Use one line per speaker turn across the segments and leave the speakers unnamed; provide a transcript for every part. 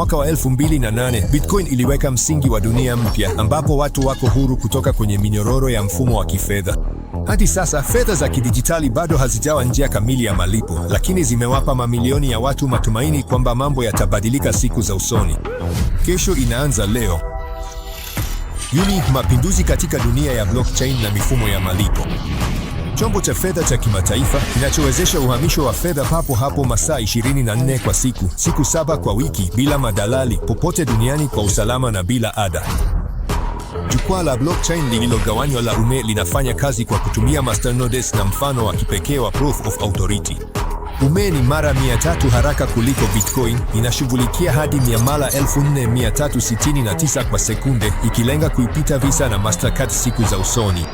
Mwaka wa 2008 Bitcoin iliweka msingi wa dunia mpya ambapo watu wako huru kutoka kwenye minyororo ya mfumo wa kifedha. Hadi sasa fedha za kidijitali bado hazijawa njia kamili ya malipo, lakini zimewapa mamilioni ya watu matumaini kwamba mambo yatabadilika siku za usoni. Kesho inaanza leo. Yuni, mapinduzi katika dunia ya blockchain na mifumo ya malipo chombo cha fedha cha kimataifa kinachowezesha uhamisho wa fedha papo hapo masaa 24 kwa siku, siku saba kwa wiki, bila madalali, popote duniani kwa usalama na bila ada. Jukwaa la blockchain lililogawanywa la UME linafanya kazi kwa kutumia masternodes na mfano wa kipekee wa proof of authority. UME ni mara 300 haraka kuliko Bitcoin, inashughulikia hadi miamala 4369 kwa sekunde, ikilenga kuipita Visa na Mastercard siku za usoni.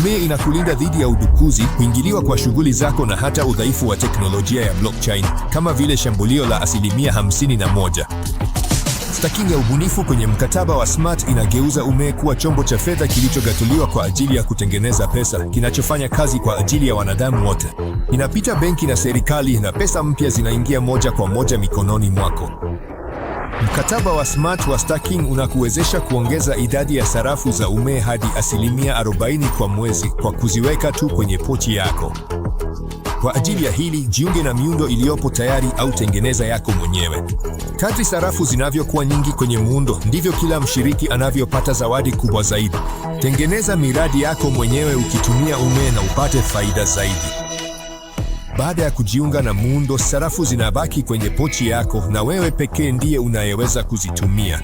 Umee inakulinda dhidi ya udukuzi, kuingiliwa kwa shughuli zako na hata udhaifu wa teknolojia ya blockchain kama vile shambulio la asilimia 51. Staking ya ubunifu kwenye mkataba wa smart inageuza Umee kuwa chombo cha fedha kilichogatuliwa kwa ajili ya kutengeneza pesa, kinachofanya kazi kwa ajili ya wanadamu wote. Inapita benki na serikali, na pesa mpya zinaingia moja kwa moja mikononi mwako. Mkataba wa Smart wa Stacking unakuwezesha kuongeza idadi ya sarafu za umeme hadi asilimia 40 kwa mwezi kwa kuziweka tu kwenye pochi yako. Kwa ajili ya hili, jiunge na miundo iliyopo tayari au tengeneza yako mwenyewe. Kadri sarafu zinavyokuwa nyingi kwenye muundo, ndivyo kila mshiriki anavyopata zawadi kubwa zaidi. Tengeneza miradi yako mwenyewe ukitumia umeme na upate faida zaidi. Baada ya kujiunga na muundo, sarafu zinabaki kwenye pochi yako na wewe pekee ndiye unayeweza kuzitumia.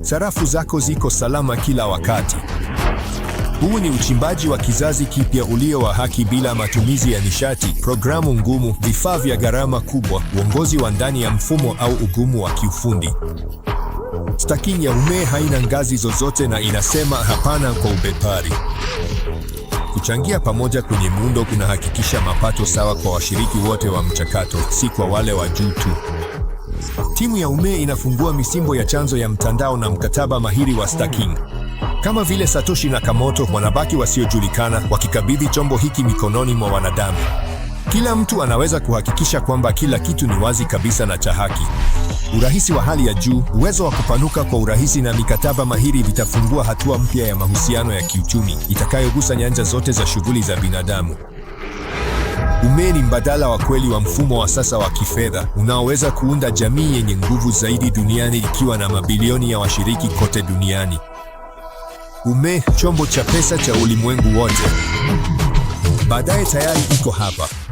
Sarafu zako ziko salama kila wakati. Huu ni uchimbaji wa kizazi kipya ulio wa haki, bila matumizi ya nishati, programu ngumu, vifaa vya gharama kubwa, uongozi wa ndani ya mfumo au ugumu wa kiufundi. Staki ya umee haina ngazi zozote na inasema hapana kwa ubepari. Kuchangia pamoja kwenye muundo kunahakikisha mapato sawa kwa washiriki wote wa mchakato, si kwa wale wa juu tu. Timu ya Umee inafungua misimbo ya chanzo ya mtandao na mkataba mahiri wa staking. Kama vile Satoshi Nakamoto, wanabaki wasiojulikana wakikabidhi chombo hiki mikononi mwa wanadamu. Kila mtu anaweza kuhakikisha kwamba kila kitu ni wazi kabisa na cha haki. Urahisi wa hali ya juu, uwezo wa kupanuka kwa urahisi na mikataba mahiri vitafungua hatua mpya ya mahusiano ya kiuchumi itakayogusa nyanja zote za shughuli za binadamu. Umee ni mbadala wa kweli wa mfumo wa sasa wa kifedha unaoweza kuunda jamii yenye nguvu zaidi duniani ikiwa na mabilioni ya washiriki kote duniani. ume chombo cha pesa cha ulimwengu wote, baadaye tayari iko hapa.